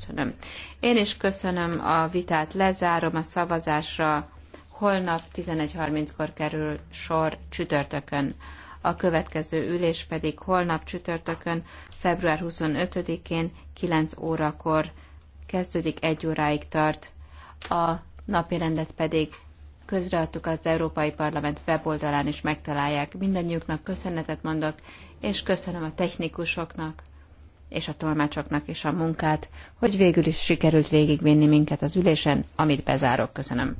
Köszönöm. Én is köszönöm a vitát, lezárom a szavazásra. Holnap 11.30-kor kerül sor csütörtökön. A következő ülés pedig holnap csütörtökön, február 25-én 9 órakor kezdődik, egy óráig tart. A napi rendet pedig közreadtuk az Európai Parlament weboldalán is megtalálják. Mindennyiuknak köszönetet mondok, és köszönöm a technikusoknak és a tolmácsoknak is a munkát, hogy végül is sikerült végigvinni minket az ülésen, amit bezárok. Köszönöm.